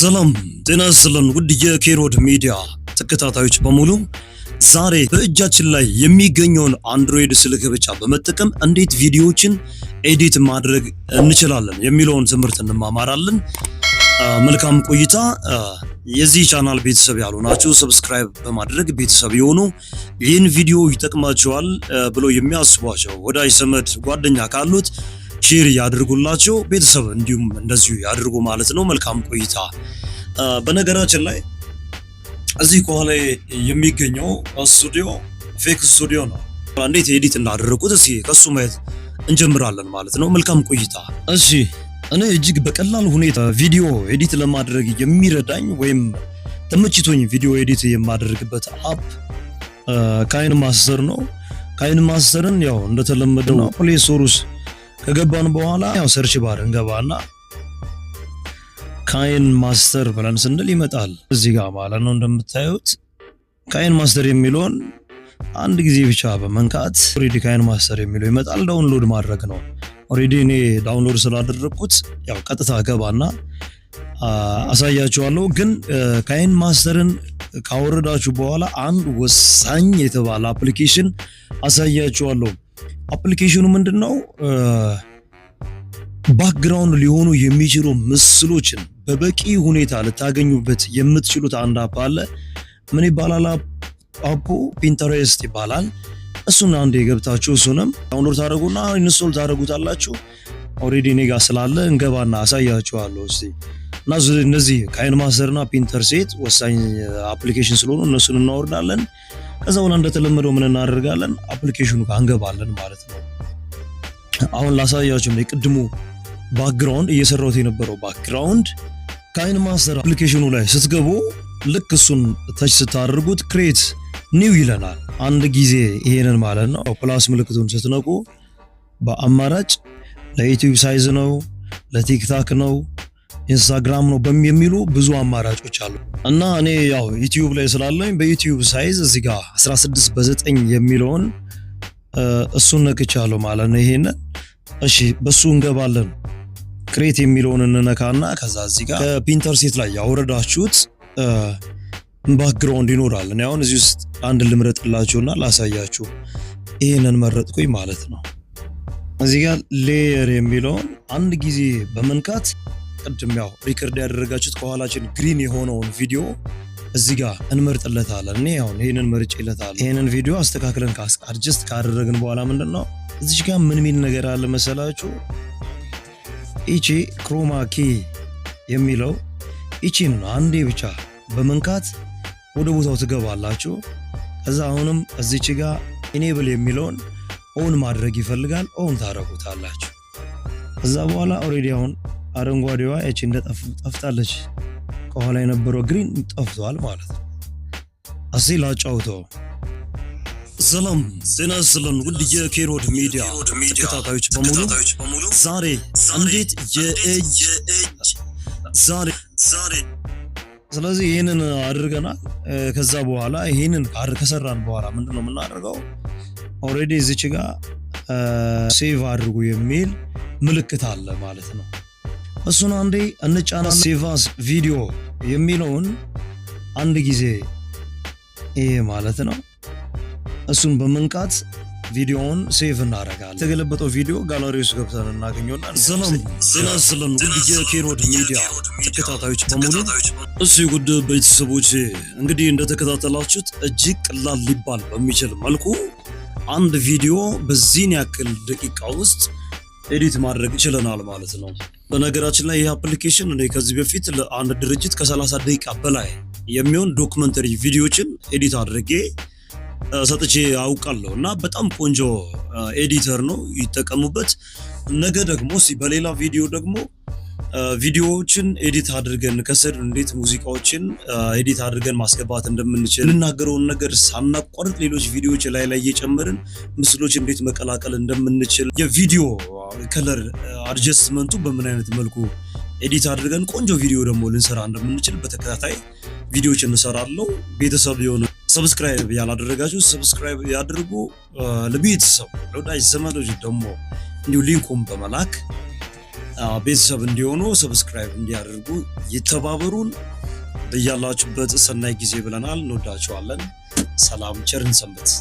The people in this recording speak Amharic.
ሰላም ጤና ይስጥልን ውድ የኬሮድ ሚዲያ ተከታታዮች በሙሉ ዛሬ በእጃችን ላይ የሚገኘውን አንድሮይድ ስልክ ብቻ በመጠቀም እንዴት ቪዲዮዎችን ኤዲት ማድረግ እንችላለን የሚለውን ትምህርት እንማማራለን። መልካም ቆይታ። የዚህ ቻናል ቤተሰብ ያሉ ናችሁ ሰብስክራይብ በማድረግ ቤተሰብ የሆኑ ይህን ቪዲዮ ይጠቅማቸዋል ብሎ የሚያስቧቸው ወዳጅ ዘመድ ጓደኛ ካሉት ሼር ያድርጉላቸው ቤተሰብ እንዲሁም እንደዚሁ ያድርጉ ማለት ነው። መልካም ቆይታ። በነገራችን ላይ እዚህ ከኋላ የሚገኘው ስቱዲዮ ፌክ ስቱዲዮ ነው። እንዴት ኤዲት እንዳደረጉት እስኪ ከሱ ማየት እንጀምራለን ማለት ነው። መልካም ቆይታ። እሺ እኔ እጅግ በቀላል ሁኔታ ቪዲዮ ኤዲት ለማድረግ የሚረዳኝ ወይም ተመችቶኝ ቪዲዮ ኤዲት የማደርግበት አፕ ካይን ማስተር ነው። ካይን ማስተርን ያው እንደተለመደው ፕሌይ ስቶር ውስጥ ከገባን በኋላ ያው ሰርች ባር እንገባና ካይን ማስተር ብለን ስንል ይመጣል። እዚህ ጋር ማለት ነው እንደምታዩት ካይን ማስተር የሚለውን አንድ ጊዜ ብቻ በመንካት ኦሬዲ ካይን ማስተር የሚለው ይመጣል። ዳውንሎድ ማድረግ ነው። ኦሬዲ እኔ ዳውንሎድ ስላደረግኩት ያው ቀጥታ ገባና አሳያችኋለሁ። ግን ካይን ማስተርን ካወረዳችሁ በኋላ አንድ ወሳኝ የተባለ አፕሊኬሽን አሳያችኋለሁ። አፕሊኬሽኑ ምንድን ነው? ባክግራውንድ ሊሆኑ የሚችሉ ምስሎችን በበቂ ሁኔታ ልታገኙበት የምትችሉት አንድ አፕ አለ። ምን ይባላል አፑ? ፒንተሬስት ይባላል። እሱን አንድ የገብታችሁ እሱንም ዳውንሎድ ታደረጉና ኢንስቶል ታደረጉታላችሁ። ኦሬዲ እኔ ጋር ስላለ እንገባና አሳያችኋለሁ እስቲ እና እነዚህ ከአይን ማሰርና ፒንተር ሴት ወሳኝ አፕሊኬሽን ስለሆኑ እነሱን እናወርዳለን። እዛውና እንደተለመደው ምን እናደርጋለን? አፕሊኬሽኑ ጋር እንገባለን ማለት ነው። አሁን ላሳያችሁ የቅድሙ ባክግራውንድ እየሰራሁት የነበረው ባክግራውንድ ካይን ማስተር አፕሊኬሽኑ ላይ ስትገቡ ልክ እሱን ተች ስታደርጉት ክሬት ኒው ይለናል። አንድ ጊዜ ይሄንን ማለት ነው ፕላስ ምልክቱን ስትነቁ በአማራጭ ለዩቲዩብ ሳይዝ ነው፣ ለቲክታክ ነው ኢንስታግራም ነው የሚሉ ብዙ አማራጮች አሉ እና እኔ ያው ዩቲዩብ ላይ ስላለኝ በዩቲዩብ ሳይዝ እዚህ ጋር 16 በ9 የሚለውን እሱን ነክቻለሁ ማለት ነው። ይሄንን እሺ፣ በሱ እንገባለን። ክሬት የሚለውን እንነካና ከዛ እዚህ ጋር ከፒንተርሴት ላይ ያወረዳችሁት ባክግራውንድ ይኖራል። እኔ አሁን እዚህ ውስጥ አንድ ልምረጥላችሁና ላሳያችሁ። ይህንን መረጥኩኝ ማለት ነው። እዚህ ጋር ሌየር የሚለውን አንድ ጊዜ በመንካት ቅድም ያው ሪከርድ ያደረጋችሁት ከኋላችን ግሪን የሆነውን ቪዲዮ እዚህ ጋር እንመርጥለታለን። እኔ ያው ይህንን መርጬለታለሁ። ይህንን ቪዲዮ አስተካክለን አድጀስት ካደረግን በኋላ ምንድን ነው እዚች ጋር ምን ሚል ነገር አለ መሰላችሁ? ይቺ ክሮማ ኪ የሚለው ይቺን አንዴ ብቻ በመንካት ወደ ቦታው ትገባላችሁ። ከዛ አሁንም እዚች ጋር ኢኔብል የሚለውን ኦን ማድረግ ይፈልጋል። ኦን ታደረጉታላችሁ። ከዛ በኋላ ኦሬዲ አሁን አረንጓዴዋ ያቺ እንደ ጠፍጣለች፣ ከኋላ የነበረው ግሪን ጠፍቷል ማለት ነው። አሴ ላጫውቶ ሰላም ዜና ስለን ውድ የኬሮድ ሚዲያ ተከታታዮች በሙሉ ዛሬ እንዴት የእጅ ዛሬ ዛሬ ስለዚህ ይህንን አድርገናል። ከዛ በኋላ ይህንን ከሰራን በኋላ ምንድን ነው የምናደርገው? ኦልሬዲ እዚች ጋር ሴቭ አድርጉ የሚል ምልክት አለ ማለት ነው። እሱን አንዴ እንጫና ሴቫስ ቪዲዮ የሚለውን አንድ ጊዜ ይሄ ማለት ነው። እሱን በመንቃት ቪዲዮውን ሴቭ እናደርጋለን። የተገለበጠው ቪዲዮ ጋለሪ ውስጥ ገብተን እናገኘውና ሰላም ዜና ስለን ውድ የኬሮድ ሚዲያ ተከታታዮች በሙሉ እሱ የጉድ ቤተሰቦች እንግዲህ እንደተከታተላችሁት እጅግ ቀላል ሊባል በሚችል መልኩ አንድ ቪዲዮ በዚህን ያክል ደቂቃ ውስጥ ኤዲት ማድረግ ችለናል ማለት ነው። በነገራችን ላይ ይህ አፕሊኬሽን እኔ ከዚህ በፊት ለአንድ ድርጅት ከ30 ደቂቃ በላይ የሚሆን ዶክመንተሪ ቪዲዮችን ኤዲት አድርጌ ሰጥቼ አውቃለሁ እና በጣም ቆንጆ ኤዲተር ነው፣ ይጠቀሙበት። ነገ ደግሞ በሌላ ቪዲዮ ደግሞ ቪዲዮዎችን ኤዲት አድርገን ከስር እንዴት ሙዚቃዎችን ኤዲት አድርገን ማስገባት እንደምንችል የምናገረውን ነገር ሳናቋርጥ ሌሎች ቪዲዮዎች ላይ ላይ እየጨመርን ምስሎች እንዴት መቀላቀል እንደምንችል የቪዲዮ ከለር አድጀስትመንቱ በምን አይነት መልኩ ኤዲት አድርገን ቆንጆ ቪዲዮ ደግሞ ልንሰራ እንደምንችል በተከታታይ ቪዲዮዎች እንሰራለው። ቤተሰብ የሆነ ሰብስክራይብ ያላደረጋችሁ ሰብስክራይብ ያድርጉ። ለቤተሰብ ለወዳጅ ዘመዶች ደግሞ እንዲሁ ሊንኩን በመላክ ቤተሰብ እንዲሆኑ ሰብስክራይብ እንዲያደርጉ ይተባበሩን። በያላችሁበት ሰናይ ጊዜ ብለናል። እንወዳችኋለን። ሰላም ቸርን ሰንበት